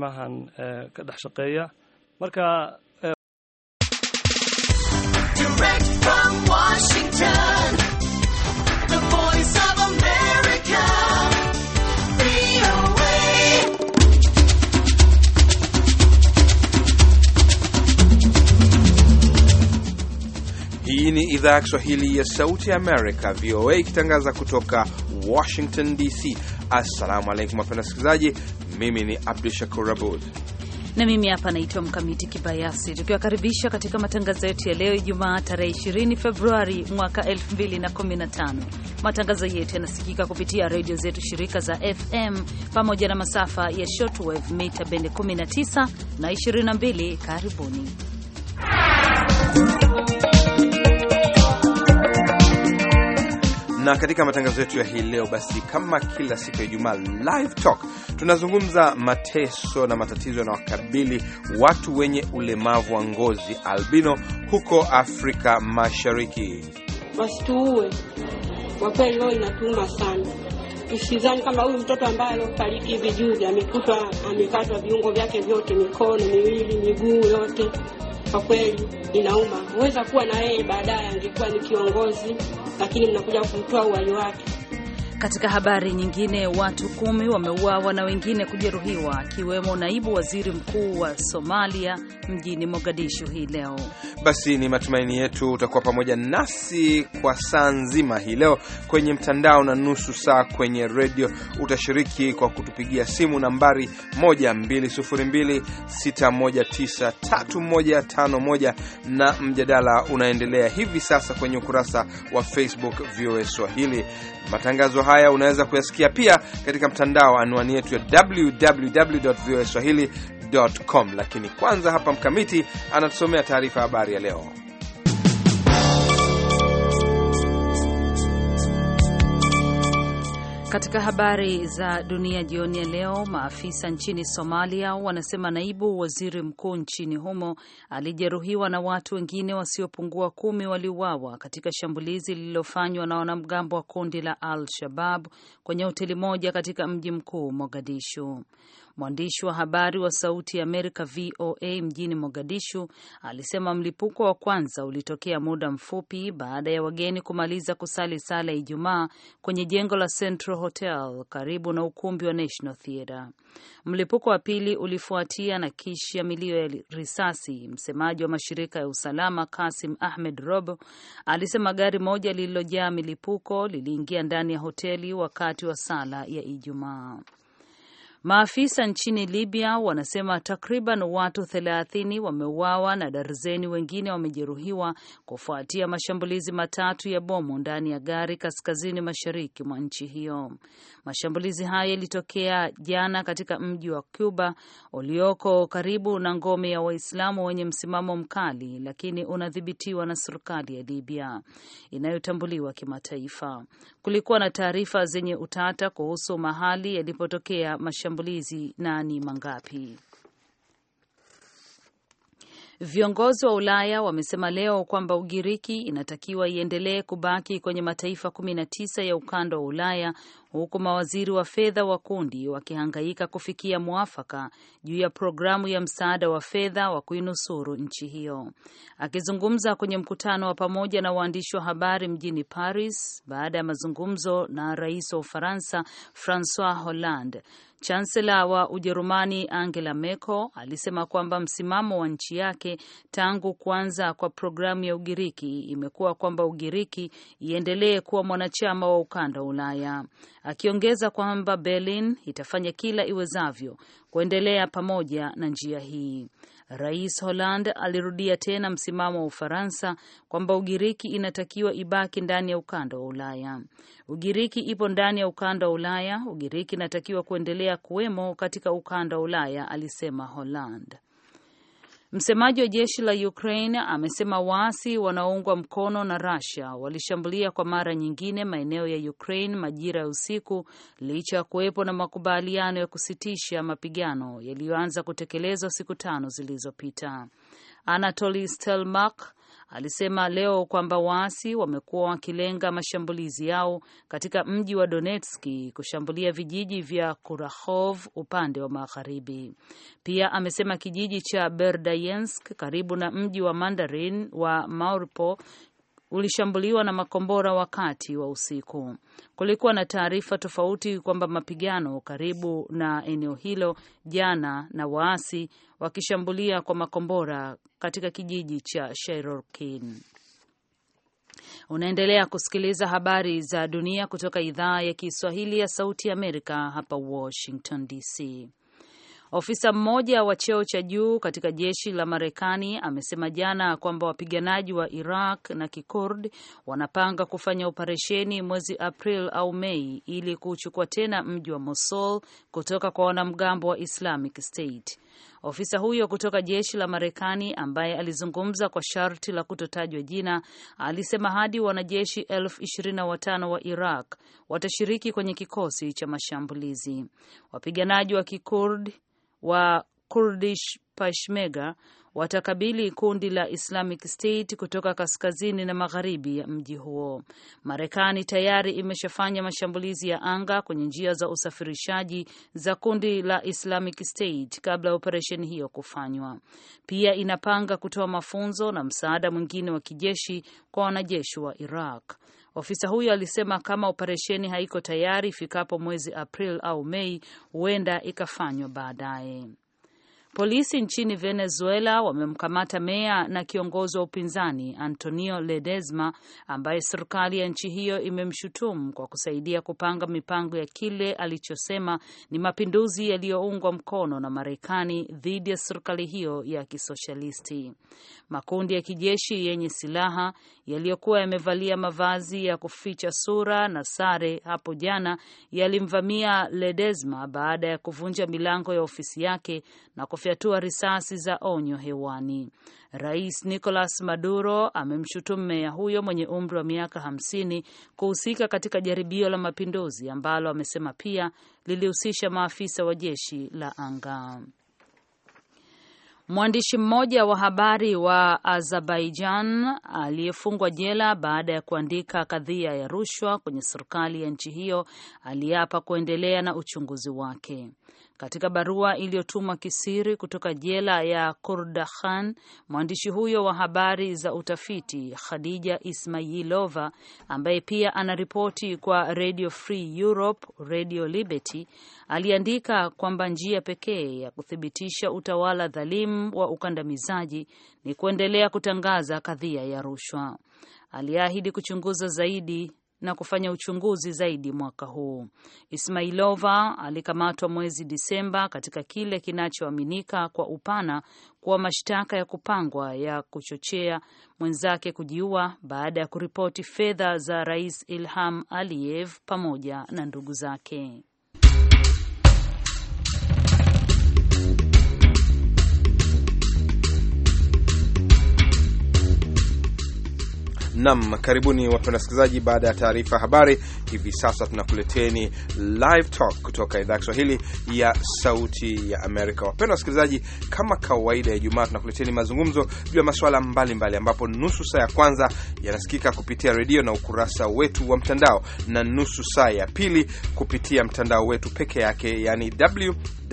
maahan eh, ka dhex shaqeeya marka eh, Hii ni idhaa ya Kiswahili ya Sauti ya Amerika, VOA, ikitangaza kutoka Washington DC. Assalamu alaikum wapenda wasikilizaji. Mimi ni Abdu Shakur Abud na mimi hapa naitwa Mkamiti Kibayasi, tukiwakaribisha katika matangazo yetu ya leo Ijumaa tarehe 20 Februari mwaka 2015. Matangazo yetu yanasikika kupitia redio zetu shirika za FM pamoja na masafa ya shortwave mita bende 19 na 22. Karibuni Na katika matangazo yetu ya hii leo, basi kama kila siku ya Ijumaa, live talk, tunazungumza mateso na matatizo yanawakabili watu wenye ulemavu wa ngozi albino huko Afrika Mashariki. Wasituue kwa leo inatuma sana. Usizani kama huyu mtoto ambaye aliofariki hivi juzi amekutwa amekatwa viungo vyake vyote, mikono miwili, miguu yote kwa kweli inauma. Huweza kuwa na yeye baadaye angekuwa ni kiongozi, lakini mnakuja kumtoa uhai wake. Katika habari nyingine, watu kumi wameuawa na wengine kujeruhiwa akiwemo naibu waziri mkuu wa Somalia mjini Mogadishu hii leo. Basi ni matumaini yetu utakuwa pamoja nasi kwa saa nzima hii leo kwenye mtandao na nusu saa kwenye redio. Utashiriki kwa kutupigia simu nambari 12026193151 na mjadala unaendelea hivi sasa kwenye ukurasa wa Facebook VOA Swahili. Matangazo haya unaweza kuyasikia pia katika mtandao, anwani yetu ya www.voaswahili.com. Lakini kwanza hapa Mkamiti anatusomea taarifa habari ya leo. Katika habari za dunia jioni ya leo, maafisa nchini Somalia wanasema naibu waziri mkuu nchini humo alijeruhiwa na watu wengine wasiopungua kumi waliuawa katika shambulizi lililofanywa na wanamgambo wa kundi la Al Shabab kwenye hoteli moja katika mji mkuu Mogadishu. Mwandishi wa habari wa Sauti ya Amerika VOA mjini Mogadishu alisema mlipuko wa kwanza ulitokea muda mfupi baada ya wageni kumaliza kusali sala Ijumaa kwenye jengo la Central Hotel karibu na ukumbi wa National Theatre. Mlipuko wa pili ulifuatia na kisha milio ya risasi. Msemaji wa mashirika ya usalama Kasim Ahmed Robo alisema gari moja lililojaa milipuko liliingia ndani ya hoteli wakati wa sala ya Ijumaa. Maafisa nchini Libya wanasema takriban watu 30 wameuawa na darzeni wengine wamejeruhiwa kufuatia mashambulizi matatu ya bomu ndani ya gari kaskazini mashariki mwa nchi hiyo. Mashambulizi hayo yalitokea jana katika mji wa Cuba ulioko karibu na ngome ya Waislamu wenye msimamo mkali, lakini unadhibitiwa na serikali ya Libya inayotambuliwa kimataifa. Kulikuwa na taarifa zenye utata kuhusu mahali yalipotokea mashambulizi mashambulizi na ni mangapi? Viongozi wa Ulaya wamesema leo kwamba Ugiriki inatakiwa iendelee kubaki kwenye mataifa 19 ya ukanda wa Ulaya huku mawaziri wa fedha wa kundi wakihangaika kufikia mwafaka juu ya programu ya msaada wa fedha wa kuinusuru nchi hiyo. Akizungumza kwenye mkutano wa pamoja na waandishi wa habari mjini Paris baada ya mazungumzo na rais wa Ufaransa Francois Hollande, Chansela wa Ujerumani Angela Merkel alisema kwamba msimamo wa nchi yake tangu kuanza kwa programu ya Ugiriki imekuwa kwamba Ugiriki iendelee kuwa mwanachama wa ukanda wa Ulaya akiongeza kwamba Berlin itafanya kila iwezavyo kuendelea pamoja na njia hii. Rais Hollande alirudia tena msimamo wa Ufaransa kwamba Ugiriki inatakiwa ibaki ndani ya ukanda wa Ulaya. Ugiriki ipo ndani ya ukanda wa Ulaya. Ugiriki inatakiwa kuendelea kuwemo katika ukanda wa Ulaya, alisema Hollande. Msemaji wa jeshi la Ukraine amesema waasi wanaoungwa mkono na Russia walishambulia kwa mara nyingine maeneo ya Ukraine majira ya usiku licha ya kuwepo na makubaliano ya kusitisha mapigano yaliyoanza kutekelezwa siku tano zilizopita. Anatoli Stelmach alisema leo kwamba waasi wamekuwa wakilenga mashambulizi yao katika mji wa Donetski kushambulia vijiji vya Kurahov upande wa magharibi. Pia amesema kijiji cha Berdayensk karibu na mji wa Mandarin wa Mariupol ulishambuliwa na makombora wakati wa usiku. Kulikuwa na taarifa tofauti kwamba mapigano karibu na eneo hilo jana na waasi wakishambulia kwa makombora katika kijiji cha Sherorkin. Unaendelea kusikiliza habari za dunia kutoka idhaa ya Kiswahili ya Sauti ya Amerika hapa Washington DC. Ofisa mmoja wa cheo cha juu katika jeshi la Marekani amesema jana kwamba wapiganaji wa Iraq na Kikurd wanapanga kufanya operesheni mwezi April au Mei ili kuchukua tena mji wa Mosul kutoka kwa wanamgambo wa Islamic State. Ofisa huyo kutoka jeshi la Marekani ambaye alizungumza kwa sharti la kutotajwa jina alisema hadi wanajeshi elfu ishirini na watano wa Iraq watashiriki kwenye kikosi cha mashambulizi. Wapiganaji wa Kikurd wa Kurdish Peshmerga watakabili kundi la Islamic State kutoka kaskazini na magharibi ya mji huo. Marekani tayari imeshafanya mashambulizi ya anga kwenye njia za usafirishaji za kundi la Islamic State kabla ya operesheni hiyo kufanywa. Pia inapanga kutoa mafunzo na msaada mwingine wa kijeshi kwa wanajeshi wa Iraq. Ofisa huyo alisema kama operesheni haiko tayari ifikapo mwezi april au Mei, huenda ikafanywa baadaye. Polisi nchini Venezuela wamemkamata meya na kiongozi wa upinzani Antonio Ledezma ambaye serikali ya nchi hiyo imemshutumu kwa kusaidia kupanga mipango ya kile alichosema ni mapinduzi yaliyoungwa mkono na Marekani dhidi ya serikali hiyo ya kisoshalisti. Makundi ya kijeshi yenye silaha yaliyokuwa yamevalia mavazi ya kuficha sura na sare hapo jana yalimvamia Ledezma baada ya kuvunja milango ya ofisi yake na kufyatua risasi za onyo hewani. Rais Nicolas Maduro amemshutumu meya huyo mwenye umri wa miaka hamsini kuhusika katika jaribio la mapinduzi ambalo amesema pia lilihusisha maafisa wa jeshi la anga. Mwandishi mmoja wa habari wa Azerbaijan aliyefungwa jela baada ya kuandika kadhia ya rushwa kwenye serikali ya nchi hiyo aliapa kuendelea na uchunguzi wake. Katika barua iliyotumwa kisiri kutoka jela ya Kurdakhan, mwandishi huyo wa habari za utafiti Khadija Ismailova, ambaye pia anaripoti kwa Radio Free Europe, Radio Liberty, aliandika kwamba njia pekee ya kuthibitisha utawala dhalimu wa ukandamizaji ni kuendelea kutangaza kadhia ya rushwa. Aliahidi kuchunguza zaidi na kufanya uchunguzi zaidi mwaka huu. Ismailova alikamatwa mwezi Disemba katika kile kinachoaminika kwa upana kuwa mashtaka ya kupangwa ya kuchochea mwenzake kujiua baada ya kuripoti fedha za Rais Ilham Aliyev pamoja na ndugu zake. Nam, karibuni wapenda wasikilizaji. Baada ya taarifa habari, hivi sasa tunakuleteni live talk kutoka idhaa ya Kiswahili ya Sauti ya Amerika. Wapenda wasikilizaji, kama kawaida ya Ijumaa, tunakuleteni mazungumzo juu ya masuala mbalimbali, ambapo nusu saa ya kwanza yanasikika kupitia redio na ukurasa wetu wa mtandao na nusu saa ya pili kupitia mtandao wetu peke yake, yani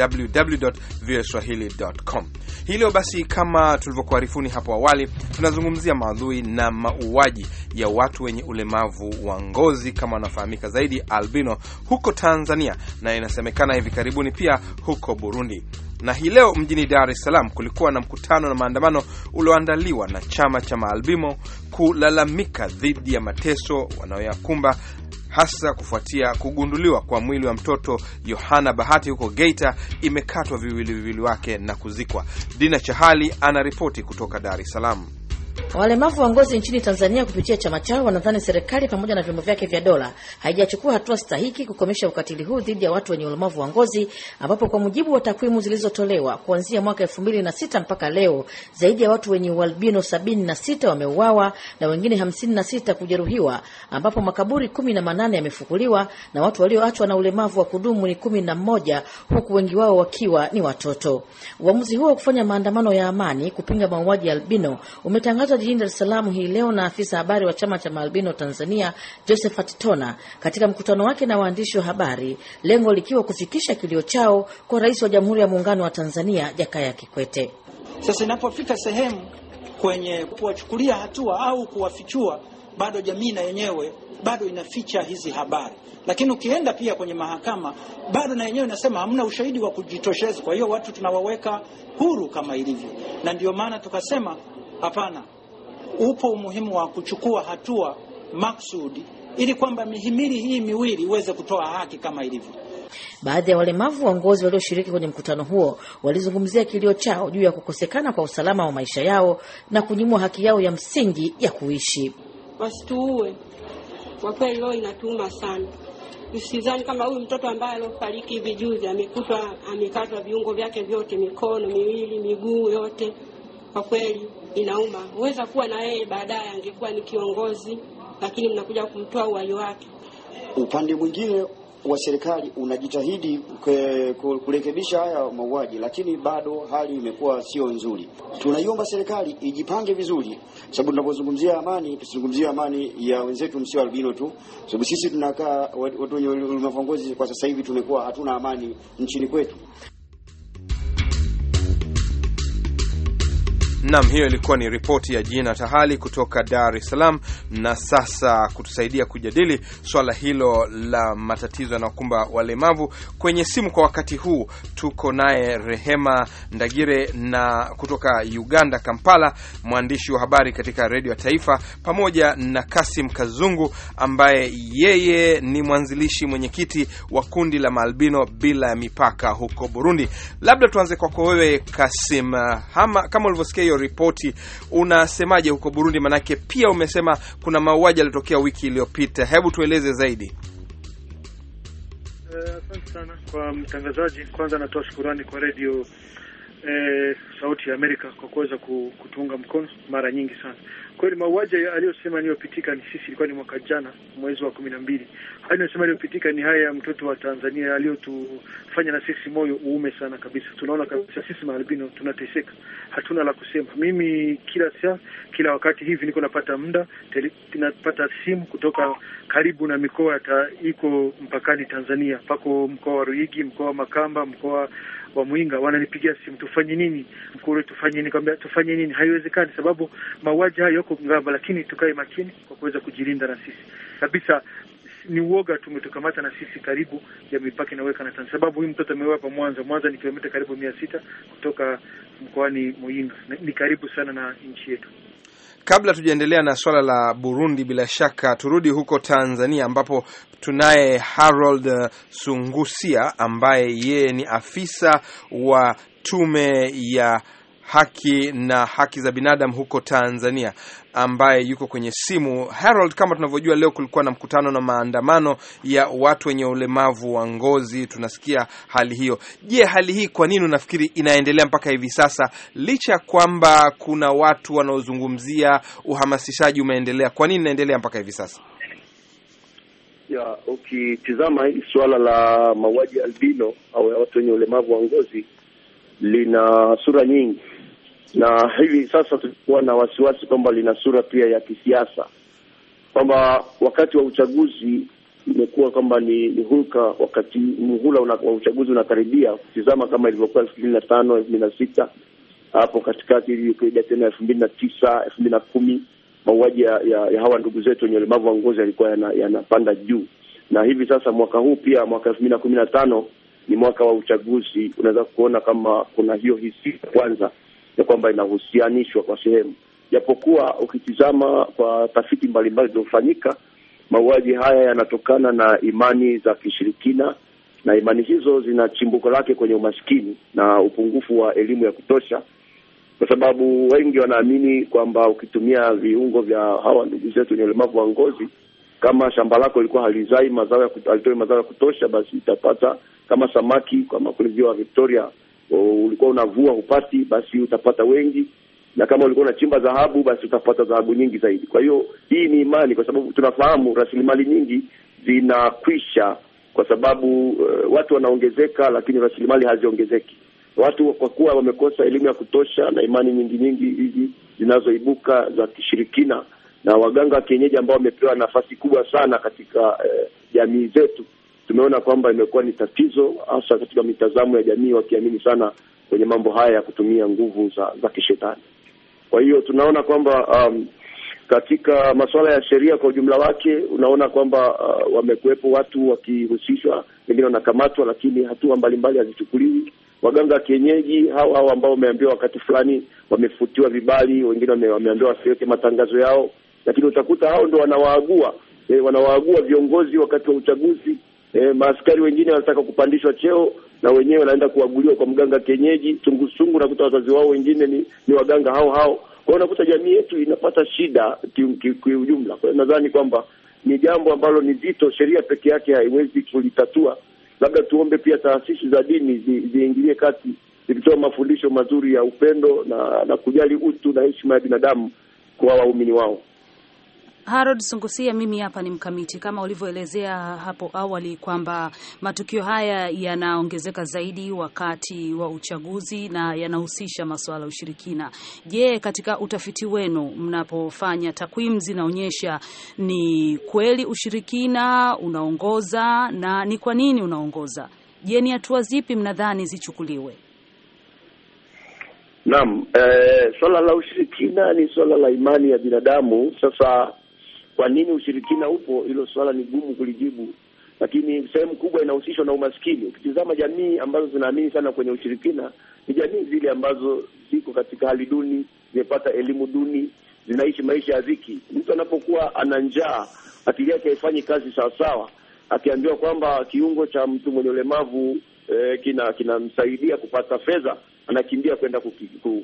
www.voaswahili.com. Hii leo basi, kama tulivyokuarifuni hapo awali, tunazungumzia maudhui na mauaji mahitaji ya watu wenye ulemavu wa ngozi kama wanafahamika zaidi albino huko Tanzania na inasemekana hivi karibuni pia huko Burundi. Na hii leo mjini Dar es Salaam kulikuwa na mkutano na maandamano ulioandaliwa na chama cha maalbimo kulalamika dhidi ya mateso wanayoyakumba hasa kufuatia kugunduliwa kwa mwili wa mtoto Yohana Bahati huko Geita, imekatwa viwili viwili wake na kuzikwa. Dina Chahali anaripoti kutoka Dar es Salaam. Walemavu wa ngozi nchini Tanzania kupitia chama chao wanadhani serikali pamoja na vyombo vyake vya dola haijachukua hatua stahiki kukomesha ukatili huu dhidi ya watu wenye ulemavu wa ngozi, ambapo kwa mujibu wa takwimu zilizotolewa kuanzia mwaka elfu mbili na sita mpaka leo zaidi ya watu wenye ualbino sabini na sita wameuawa na wengine hamsini na sita kujeruhiwa, ambapo makaburi kumi na manane yamefukuliwa na watu walioachwa na ulemavu wa kudumu ni kumi na mmoja huku wengi wao wakiwa ni watoto. Uamuzi huo wa kufanya maandamano ya amani kupinga mauaji ya albino umetangazwa Akizungumza jijini Dar es Salaam hii leo na afisa habari wa chama cha maalbino Tanzania Josephat Tona katika mkutano wake na waandishi wa habari, lengo likiwa kufikisha kilio chao kwa Rais wa Jamhuri ya Muungano wa Tanzania Jakaya Kikwete. Sasa inapofika sehemu kwenye kuwachukulia hatua au kuwafichua, bado jamii na yenyewe bado inaficha hizi habari, lakini ukienda pia kwenye mahakama bado na yenyewe inasema hamna ushahidi wa kujitosheleza. Kwa hiyo watu tunawaweka huru kama ilivyo, na ndio maana tukasema hapana, upo umuhimu wa kuchukua hatua maksudi ili kwamba mihimili hii miwili iweze kutoa haki kama ilivyo. Baadhi ya walemavu ngozi walioshiriki kwenye mkutano huo walizungumzia kilio chao juu ya kukosekana kwa usalama wa maisha yao na kunyimwa haki yao ya msingi ya kuishi. Wasituue, kwa kweli leo inatuuma sana. usizani kama huyu mtoto ambaye aliofariki hivi juzi amekutwa amekatwa viungo vyake vyote, mikono miwili, miguu yote, kwa kweli inauma. Huweza kuwa na yeye baadaye angekuwa ni kiongozi, lakini mnakuja kumtoa uhai wake. Upande mwingine wa serikali unajitahidi kurekebisha haya mauaji, lakini bado hali imekuwa sio nzuri. Tunaiomba serikali ijipange vizuri, sababu tunapozungumzia amani tusizungumzie amani ya wenzetu msio albino tu, sababu sisi tunakaa watu wenye ulimavongozi Kwa sasa hivi tumekuwa hatuna amani nchini kwetu. Nam, hiyo ilikuwa ni ripoti ya Jina Tahali kutoka Dar es Salaam. Na sasa kutusaidia kujadili swala hilo la matatizo yanayokumba walemavu, kwenye simu kwa wakati huu tuko naye Rehema Ndagire na kutoka Uganda, Kampala, mwandishi wa habari katika redio ya Taifa, pamoja na Kasim Kazungu ambaye yeye ni mwanzilishi mwenyekiti wa kundi la maalbino bila ya mipaka huko Burundi. Labda tuanze kwako wewe Kasim, kama ulivyosikia hiyo hiyo ripoti unasemaje huko Burundi? Manake pia umesema kuna mauaji yaliyotokea wiki iliyopita, hebu tueleze zaidi. Eh, asante uh, sana kwa mtangazaji. Kwanza natoa shukurani kwa redio eh, Sauti ya Amerika kwa kuweza kutuunga mkono mara nyingi sana Kweli mauaji aliyosema aliyopitika ni sisi, ilikuwa ni mwaka jana mwezi wa kumi na mbili. Hayo anayosema aliyopitika ni haya ya mtoto wa Tanzania aliyotufanya na sisi moyo uume sana kabisa. Tunaona kabisa sisi maalbino tunateseka, hatuna la kusema. Mimi kila saa, kila wakati hivi niko napata muda, napata simu kutoka karibu na mikoa iko mpakani Tanzania, pako mkoa wa Ruigi, mkoa wa Makamba, mkoa wa Muinga wananipigia simu, tufanye nini Mkuru, tufanye nini? Kaambia tufanye nini? Haiwezekani sababu mauaji hayo yako Ngamba, lakini tukae makini kwa kuweza kujilinda na sisi kabisa ni uoga tumetukamata na sisi karibu ya mipaka inaweka na Tanzania, sababu huyu mtoto amewapa hapa Mwanza. Mwanza ni kilomita karibu mia sita kutoka mkoani Muinga, ni karibu sana na nchi yetu. Kabla tujaendelea na swala la Burundi, bila shaka turudi huko Tanzania ambapo tunaye Harold Sungusia ambaye yeye ni afisa wa tume ya haki na haki za binadamu huko Tanzania ambaye yuko kwenye simu. Harold, kama tunavyojua, leo kulikuwa na mkutano na maandamano ya watu wenye ulemavu wa ngozi. Tunasikia hali hiyo. Je, hali hii kwa nini unafikiri inaendelea mpaka hivi sasa, licha ya kwamba kuna watu wanaozungumzia uhamasishaji umeendelea? Kwa nini inaendelea mpaka hivi sasa? ya ukitizama okay, hili suala la mauaji albino au ya watu wenye ulemavu wa ngozi lina sura nyingi na hivi sasa tulikuwa na wasiwasi kwamba lina sura pia ya kisiasa, kwamba wakati wa uchaguzi imekuwa kwamba ni, ni hulka wakati muhula una, wa uchaguzi unakaribia, kutizama kama ilivyokuwa elfu mbili na tano elfu mbili na sita hapo katikati ilikuja tena elfu mbili na tisa elfu mbili na kumi mauaji ya, ya, ya hawa ndugu zetu wenye ulemavu wa ngozi yalikuwa yanapanda yana juu, na hivi sasa mwaka huu pia mwaka elfu mbili na kumi na tano ni mwaka wa uchaguzi, unaweza kuona kama kuna hiyo hisia kwanza ya kwamba inahusianishwa kwa sehemu, japokuwa ukitizama kwa tafiti mbalimbali zilizofanyika, mauaji haya yanatokana na imani za kishirikina, na imani hizo zina chimbuko lake kwenye umaskini na upungufu wa elimu ya kutosha, kwa sababu wengi wanaamini kwamba ukitumia viungo vya hawa ndugu zetu wenye ulemavu wa ngozi kama shamba lako ilikuwa halizai mazao ya, halitoi mazao ya kutosha, basi itapata kama samaki kama kule ziwa Victoria Oh, ulikuwa unavua hupati, basi utapata wengi, na kama ulikuwa unachimba dhahabu, basi utapata dhahabu nyingi zaidi. Kwa hiyo hii ni imani, kwa sababu tunafahamu rasilimali nyingi zinakwisha, kwa sababu uh, watu wanaongezeka, lakini rasilimali haziongezeki. Watu kwa kuwa wamekosa elimu ya kutosha na imani nyingi nyingi hizi zinazoibuka za kishirikina, na waganga wa kienyeji ambao wamepewa nafasi kubwa sana katika eh, jamii eh, zetu tumeona kwamba imekuwa ni tatizo hasa katika mitazamo ya jamii, wakiamini sana kwenye mambo haya ya kutumia nguvu za, za kishetani. Kwa hiyo tunaona kwamba um, katika masuala ya sheria kwa ujumla wake unaona kwamba uh, wamekuwepo watu wakihusishwa, wengine wanakamatwa, lakini hatua mbalimbali hazichukuliwi. Waganga wa kienyeji hao hao ambao wameambiwa wakati fulani wamefutiwa vibali, wengine wameambiwa wasiweke matangazo yao, lakini utakuta hao ndo wanawaagua eh, wanawaagua viongozi wakati wa uchaguzi E, maaskari wengine wanataka kupandishwa cheo na wenyewe wanaenda kuaguliwa kwa mganga kienyeji chunguchungu. Nakuta wazazi wao wengine ni, ni waganga hao hao. Kwa hiyo unakuta jamii yetu inapata shida kiujumla. Kwa hiyo nadhani kwamba ni jambo ambalo ni zito, sheria peke yake haiwezi kulitatua. Labda tuombe pia taasisi za dini ziingilie zi kati zikitoa mafundisho mazuri ya upendo na, na kujali utu na heshima ya binadamu kwa waumini wao. Harold Sungusia, mimi hapa ni mkamiti. Kama ulivyoelezea hapo awali kwamba matukio haya yanaongezeka zaidi wakati wa uchaguzi na yanahusisha masuala ya ushirikina. Je, katika utafiti wenu mnapofanya takwimu zinaonyesha ni kweli ushirikina unaongoza na ni kwa nini unaongoza? Je, ni hatua zipi mnadhani zichukuliwe? Naam, eh, swala la ushirikina ni swala la imani ya binadamu. Sasa kwa nini ushirikina upo? Hilo swala ni gumu kulijibu, lakini sehemu kubwa inahusishwa na umaskini. Ukitizama jamii ambazo zinaamini sana kwenye ushirikina ni jamii zile ambazo ziko katika hali duni, zimepata elimu duni, zinaishi maisha ya dhiki. Mtu anapokuwa ana njaa, akili yake haifanyi kazi sawasawa. Akiambiwa kwamba kiungo cha mtu mwenye ulemavu eh, kina kinamsaidia kupata fedha anakimbia kwenda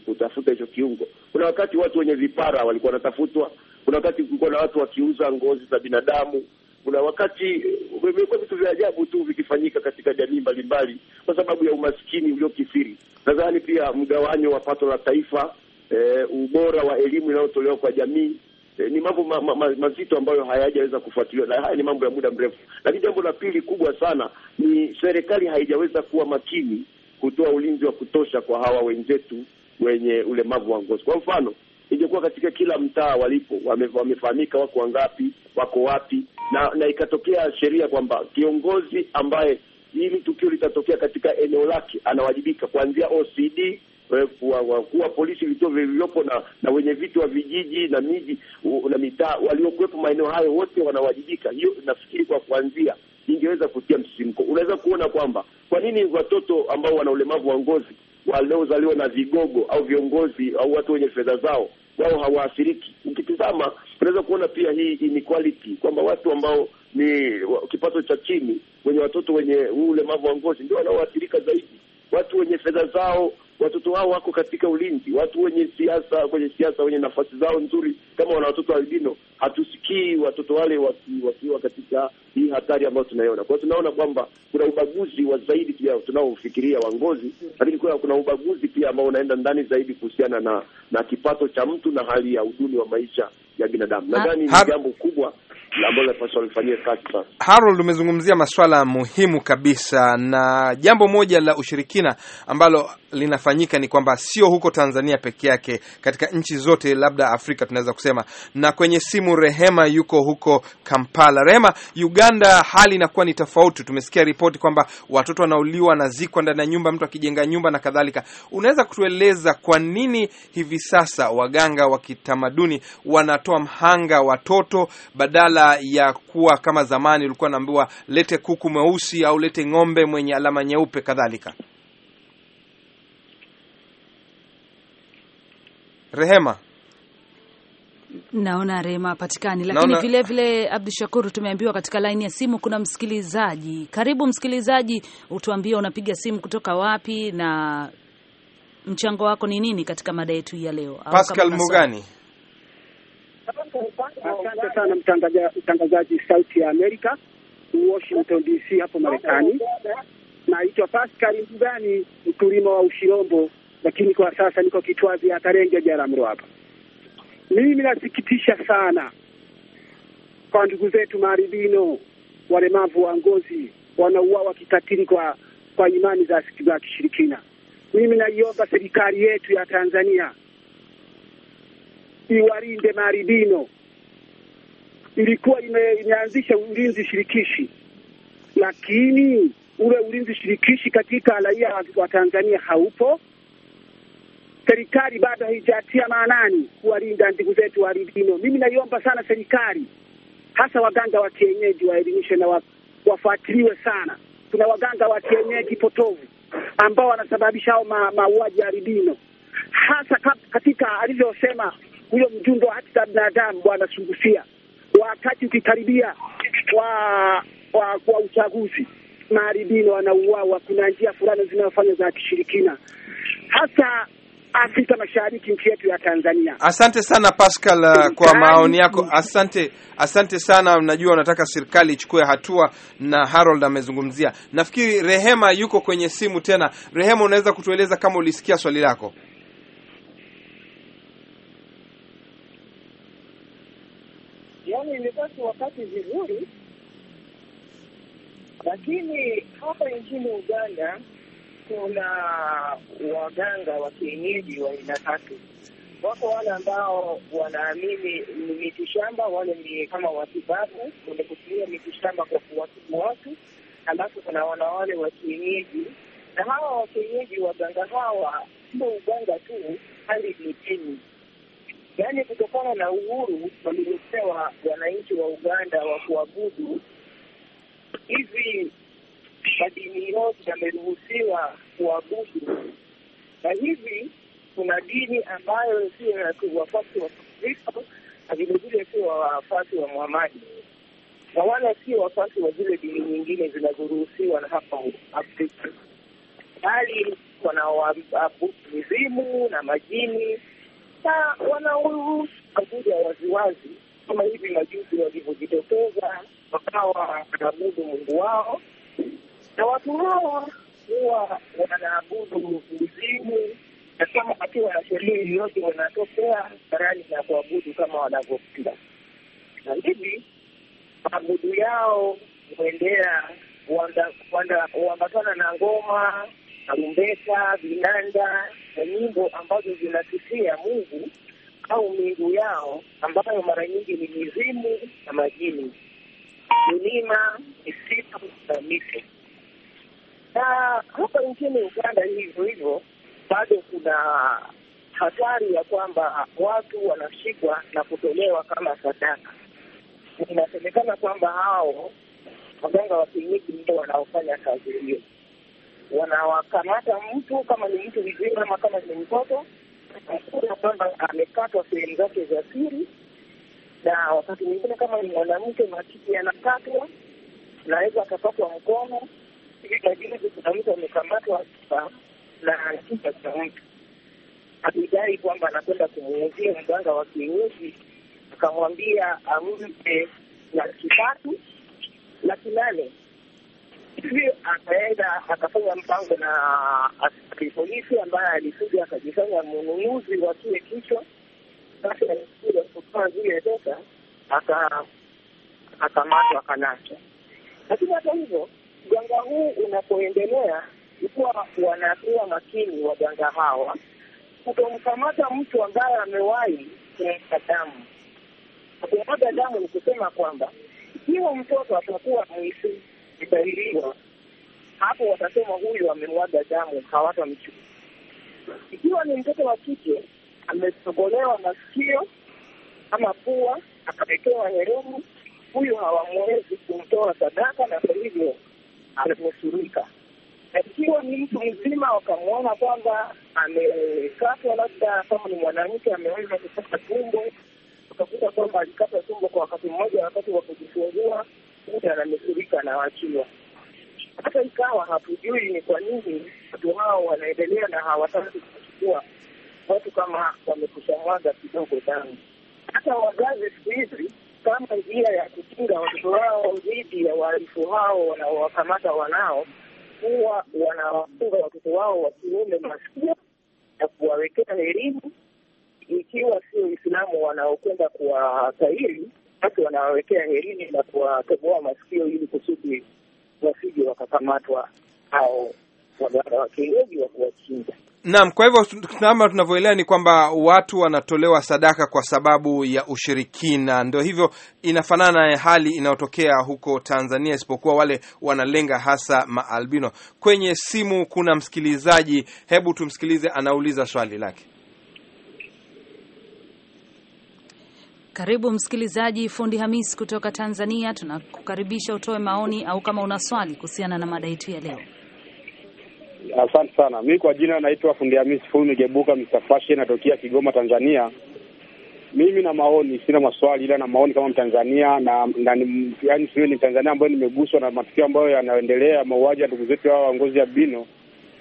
kutafuta hicho kiungo. Kuna wakati watu wenye vipara walikuwa wanatafutwa, kuna wakati kulikuwa na watu wakiuza ngozi za binadamu kuna wakati eh, vimekuwa vitu vya ajabu tu vikifanyika katika jamii mbalimbali kwa sababu ya umaskini uliokithiri. Nadhani pia mgawanyo wa pato la taifa, e, ubora wa elimu inayotolewa kwa jamii e, ni mambo ma, ma, ma, mazito ambayo hayajaweza kufuatiliwa, na haya ni mambo ya muda mrefu. Lakini jambo la pili kubwa sana ni serikali haijaweza kuwa makini kutoa ulinzi wa kutosha kwa hawa wenzetu wenye ulemavu wa ngozi. Kwa mfano, ingekuwa katika kila mtaa walipo wame, wamefahamika wako wangapi, wako wapi, na na ikatokea sheria kwamba kiongozi ambaye hili tukio litatokea katika eneo lake anawajibika kuanzia OCD eh, wakuu wa polisi, vituo vilivyopo na na wenye viti wa vijiji na miji na mitaa waliokuwepo maeneo hayo, wote wanawajibika. Hiyo nafikiri kwa kuanzia ingeweza kutia msisimko. Unaweza kuona kwamba kwa nini watoto ambao wana ulemavu wa ngozi waliozaliwa na vigogo au viongozi au watu wenye fedha zao wao hawaathiriki. Ukitizama unaweza kuona pia hii inequality kwamba watu ambao ni kipato cha chini wenye watoto wenye huu ulemavu wa ngozi ndio wanaoathirika zaidi. Watu wenye fedha zao watoto wao wako katika ulinzi. Watu wenye siasa, kwenye siasa, wenye nafasi zao nzuri, kama wana watoto albino, hatusikii watoto wale wakiwa waki katika hii hatari ambayo tunaiona. Kwa hiyo tunaona kwamba kuna ubaguzi wa zaidi pia tunaofikiria wa ngozi, lakini kuna, kuna ubaguzi pia ambao unaenda ndani zaidi kuhusiana na na kipato cha mtu na hali ya uduni wa maisha ya binadamu. Nadhani ni jambo kubwa ambalo lifanyie kazi sasa. Harold, umezungumzia masuala muhimu kabisa, na jambo moja la ushirikina ambalo linafanyika ni kwamba sio huko Tanzania peke yake, katika nchi zote labda Afrika tunaweza kusema. Na kwenye simu Rehema yuko huko Kampala. Rehema, Uganda hali inakuwa ni tofauti. Tumesikia ripoti kwamba watoto wanauliwa, zikwa ndani ya nyumba, mtu akijenga nyumba na kadhalika. Unaweza kutueleza kwa nini hivi sasa waganga wa kitamaduni wanatoa mhanga watoto badala badala ya kuwa kama zamani ulikuwa naambiwa lete kuku mweusi au lete ng'ombe mwenye alama nyeupe kadhalika. Rehema, naona Rehema hapatikani, lakini naona... vile vile Abdu Shakuru, tumeambiwa katika laini ya simu kuna msikilizaji. Karibu msikilizaji, utuambie unapiga simu kutoka wapi na mchango wako ni nini katika mada yetu ya leo. Pascal Mugani Asante sana mtangazaji Sauti ya Amerika Washington DC, hapo Marekani. Naitwa Pascal Mbugani, mkulima wa Ushirombo, lakini kwa sasa niko Kitwazi ya Karenge Jaramro hapa. Mimi nasikitisha sana kwa ndugu zetu maaribino walemavu wa ngozi wanauawa kikatili kwa kwa imani za, za kishirikina. Mimi naiomba serikali yetu ya Tanzania iwalinde maaribino Ilikuwa ime, imeanzisha ulinzi shirikishi, lakini ule ulinzi shirikishi katika raia wa Tanzania haupo. Serikali bado haijatia maanani kuwalinda ndugu zetu wa albino. Mimi naiomba sana serikali, hasa waganga wa kienyeji waelimishe na wafuatiliwe sana. Kuna waganga wa kienyeji potovu ambao wanasababisha hao mauaji ya albino, hasa katika alivyosema huyo mjumbe wa haki za binadamu Bwana Sungusia, wakati ukikaribia wa wa, wa uchaguzi, maharibini wanauawa, kuna njia fulani zinazofanya za kishirikina hasa Afrika Mashariki, nchi yetu ya Tanzania. Asante sana Pascal uh, kwa maoni yako, asante asante sana. Najua unataka serikali ichukue hatua, na Harold amezungumzia. Nafikiri Rehema yuko kwenye simu tena. Rehema, unaweza kutueleza kama ulisikia swali lako? Kwangu imekuwa si wakati vizuri, lakini hapa nchini Uganda kuna waganga wa kienyeji wa aina tatu. Wako wale ambao wanaamini ni mitishamba, wale ni kama watibabu, wenye kutumia mitishamba kwa kuwatibu watu. Alafu kuna wana wale wa kienyeji, na hawa wa kienyeji, waganga hawa sio uganga tu, hali ni dini yaani kutokana na uhuru waliopewa wananchi wa Uganda wa kuabudu hivi madini yote yameruhusiwa kuabudu, na hivi kuna dini ambayo sio ya wafuasi wa Kristo na vilevile sio wafuasi wa Muhamadi na wala sio wafuasi wa zile dini nyingine zinazoruhusiwa na hapa Afrika, bali wanaoabudu mizimu na majini sasa wanauruhusu kakuja waziwazi, kama hivi majuzi walivyojitokeza wakawa wanaabudu Mungu wao, na watu hawa huwa wanaabudu uzimu, na kama akiwa na sheria yoyote wanatokea barani na kuabudu kama wanavyopenda, na hivi maabudu yao huendea kuambatana na ngoma tarumbeta, vinanda na nyimbo ambazo zinasifia Mungu au miungu yao ambayo mara nyingi ni mizimu na majini, milima, misitu na mito. Na hapa nchini Uganda hivyo hivyo bado kuna hatari ya kwamba watu wanashikwa na kutolewa kama sadaka. Inasemekana kwamba hao waganga wa kienyeji ndio wanaofanya kazi hiyo wanawakamata mtu kama ni mtu mzima ama kama ni mtoto, nakuta kwamba amekatwa sehemu zake za siri, na wakati mwingine kama ni mwanamke matiti anakatwa, naweza akapatwa mkono. Hivi majuzi kuna mtu amekamatwa na kichwa cha mtu, akidai kwamba anakwenda kumuuzia mganga wa kienyeji, akamwambia ampe laki tatu laki nane hivyo akaenda akafanya mpango na askari polisi ambaye alikuja akajifanya mnunuzi wa kile kichwa. Basi alikuja kutoa zile pesa, akakamatwa, akalatwa. Lakini hata hivyo, uganga huu unapoendelea, ikuwa wanakuwa makini waganga hawa kutomkamata mtu ambaye amewahi kumwaga damu. Kumwaga damu ni kusema kwamba hiyo mtoto atakuwa mwisi kitahiriwa, hapo watasema huyu amemwaga damu, hawatamchukua. Ikiwa ni mtoto wa kike amesogolewa masikio ama pua, akawekewa herumu huyu hawamwezi kumtoa sadaka, na kwa hivyo amenusurika. Ikiwa ni mtu mzima wakamwona kwamba amekatwa, labda kama ni mwanamke ameweza kukata tumbo, wakakuta kwamba alikata tumbo kwa wakati mmoja, wakati wa kujifungua muda ananusurika wakiwa Hata ikawa hatujui ni kwa nini watu hao wanaendelea na hawataki kuchukua watu kama wamekushamwaga kidogo damu. Hata wazazi siku hizi kama njia ya kukinga watoto wao dhidi ya wahalifu hao wanaowakamata wanao, huwa wanawafunga watoto wao wa kiume masikio na kuwawekea elimu, ikiwa sio Uislamu wanaokwenda kuwatairi watu wanawawekea herini na kuwatoboa masikio ili kusudi wasije wakakamatwa au waganda wa kienyeji wa kuwachinja. Naam, kwa hivyo kama tunavyoelewa ni kwamba watu wanatolewa sadaka kwa sababu ya ushirikina. Ndio hivyo, inafanana na hali inayotokea huko Tanzania, isipokuwa wale wanalenga hasa maalbino. Kwenye simu kuna msikilizaji, hebu tumsikilize, anauliza swali lake. Karibu msikilizaji. Fundi Hamis kutoka Tanzania, tunakukaribisha utoe maoni au kama una swali kuhusiana na mada yetu ya leo. Asante sana. Mi kwa jina naitwa Fundi Hamis Fulmigebuka Mstafashi, natokea Kigoma, Tanzania. Mimi na maoni sina maswali, ila na maoni kama Mtanzania na, na ni, yani sio ni tanzania ambayo nimeguswa na matukio ambayo yanaendelea, mauaji ya ndugu zetu hawa ngozi ya bino.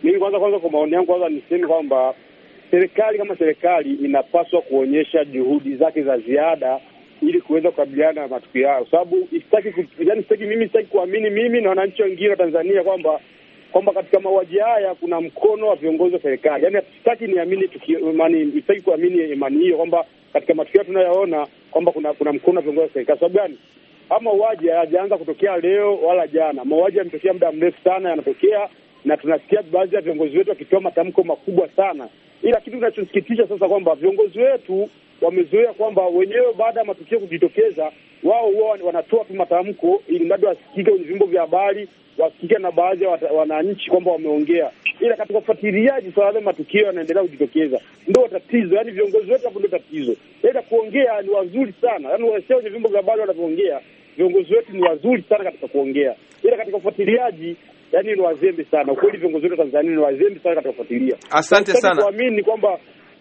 Mimi kwanza kwanza, kwa maoni yangu, kwanza niseme kwamba serikali kama serikali inapaswa kuonyesha juhudi zake za ziada ili kuweza kukabiliana na matukio hayo, sababu yani, sitaki mimi, sitaki kuamini mimi na wananchi wengine wa Tanzania kwamba kwamba katika mauaji haya kuna mkono wa viongozi wa serikali. Yani sitaki niamini, sitaki kuamini imani hiyo kwamba katika matukio tunayoona kwamba kuna kuna mkono wa viongozi wa serikali. Sababu gani? Haya mauaji hayajaanza kutokea leo wala jana. Mauaji yametokea muda mrefu sana, yanatokea na tunasikia baadhi ya viongozi wetu wakitoa matamko makubwa sana ila kitu kinachosikitisha sasa kwamba viongozi wetu wamezoea kwamba wenyewe baada ya matukio kujitokeza, wao huwa wanatoa tu matamko ili mradi wasikike kwenye vyombo vya habari, wasikike na baadhi ya wananchi kwamba wameongea, ila katika ufuatiliaji swala yale matukio yanaendelea kujitokeza, ndo tatizo. Yani viongozi wetu hapo ndo tatizo, ila kuongea ni wazuri sana, yani wasia kwenye vyombo vya habari wanavyoongea viongozi wetu ni wazuri sana katika kuongea, ila katika ufuatiliaji yaani ni wazembe sana kweli, viongozi wetu Tanzania ni wazembe sana katika kufuatilia. Asante sana kuamini kwamba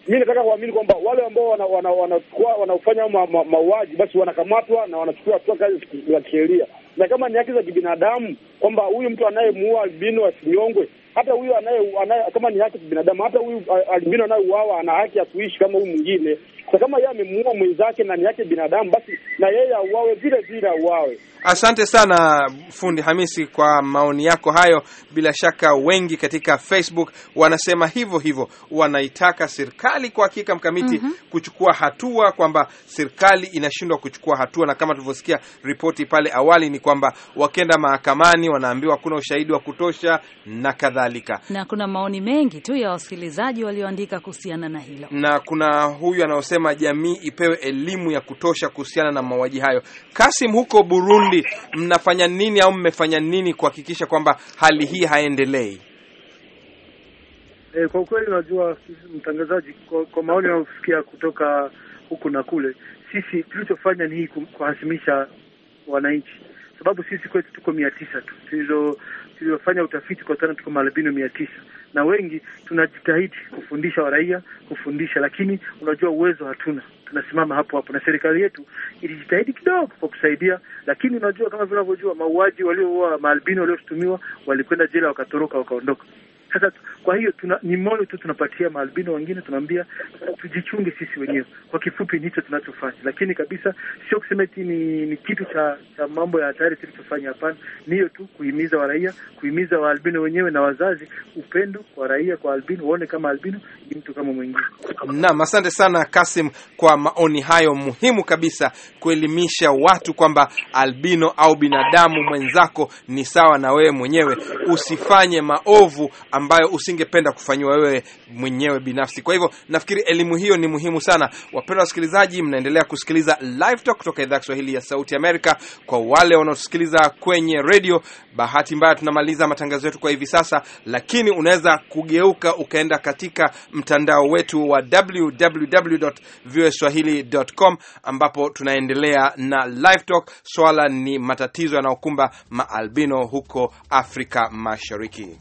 mimi nataka kuamini kwamba wale ambao wanachukua wana, wana, ma, mauaji basi wanakamatwa na wanachukua hatua kali za kisheria, na kama ni haki za kibinadamu kwamba huyu mtu anayemuua albino asinyongwe, hata huyu anaye, anaye kama ni haki za kibinadamu, hata huyu albino anayeuawa ana haki ya kuishi kama huyu mwingine. Sa kama yeye amemuua mwenzake na ni yake binadamu, basi na yeye auawe vile vile, auawe. Asante sana fundi Hamisi kwa maoni yako hayo. Bila shaka wengi katika Facebook wanasema hivyo hivyo, wanaitaka serikali kwa hakika mkamiti mm -hmm. kuchukua hatua, kwamba serikali inashindwa kuchukua hatua, na kama tulivyosikia ripoti pale awali ni kwamba wakenda mahakamani wanaambiwa kuna ushahidi wa kutosha na kadhalika, na kuna maoni mengi tu ya wasikilizaji walioandika kuhusiana na hilo, na kuna huyu anaos anasema jamii ipewe elimu ya kutosha kuhusiana na mauaji hayo. Kasim, huko Burundi mnafanya nini au mmefanya nini kuhakikisha kwamba hali hii haendelei? Eh, kwa ukweli unajua mtangazaji, kwa, kwa maoni anayofikia kutoka huku na kule, sisi tulichofanya ni hii kuhasimisha wananchi, sababu sisi kwetu tuko mia tisa tu tulizo tuliofanya utafiti kwa tano tuko maalbino mia tisa na wengi tunajitahidi kufundisha waraia kufundisha, lakini unajua uwezo hatuna, tunasimama hapo hapo, na serikali yetu ilijitahidi kidogo kwa kusaidia, lakini unajua kama vile unavyojua mauaji, walioua maalbino walioshutumiwa walikwenda jela wakatoroka wakaondoka. Sasa kwa hiyo tuna, ni moyo tu tunapatia maalbino wengine, tunaambia tujichunge sisi wenyewe. Kwa kifupi nicho tunachofanya, lakini kabisa sio kusema eti ni, ni kitu cha, cha mambo ya hatari tulichofanya. Hapana, ni hiyo tu kuhimiza waraia, kuhimiza waalbino wenyewe na wazazi, upendo kwa raia, kwa albino, waone kama albino ni mtu kama mwingine. Naam, asante sana Kasim kwa maoni hayo muhimu kabisa, kuelimisha watu kwamba albino au binadamu mwenzako ni sawa na wewe mwenyewe, usifanye maovu ambayo usingependa kufanyiwa wewe mwenyewe binafsi. Kwa hivyo nafikiri elimu hiyo ni muhimu sana. Wapendwa wasikilizaji, mnaendelea kusikiliza Live Talk kutoka idhaa ya Kiswahili ya Sauti Amerika. Kwa wale wanaosikiliza kwenye redio, bahati mbaya tunamaliza matangazo yetu kwa hivi sasa, lakini unaweza kugeuka ukaenda katika mtandao wetu wa www.voaswahili.com ambapo tunaendelea na Live Talk. Swala ni matatizo yanayokumba maalbino huko Afrika Mashariki.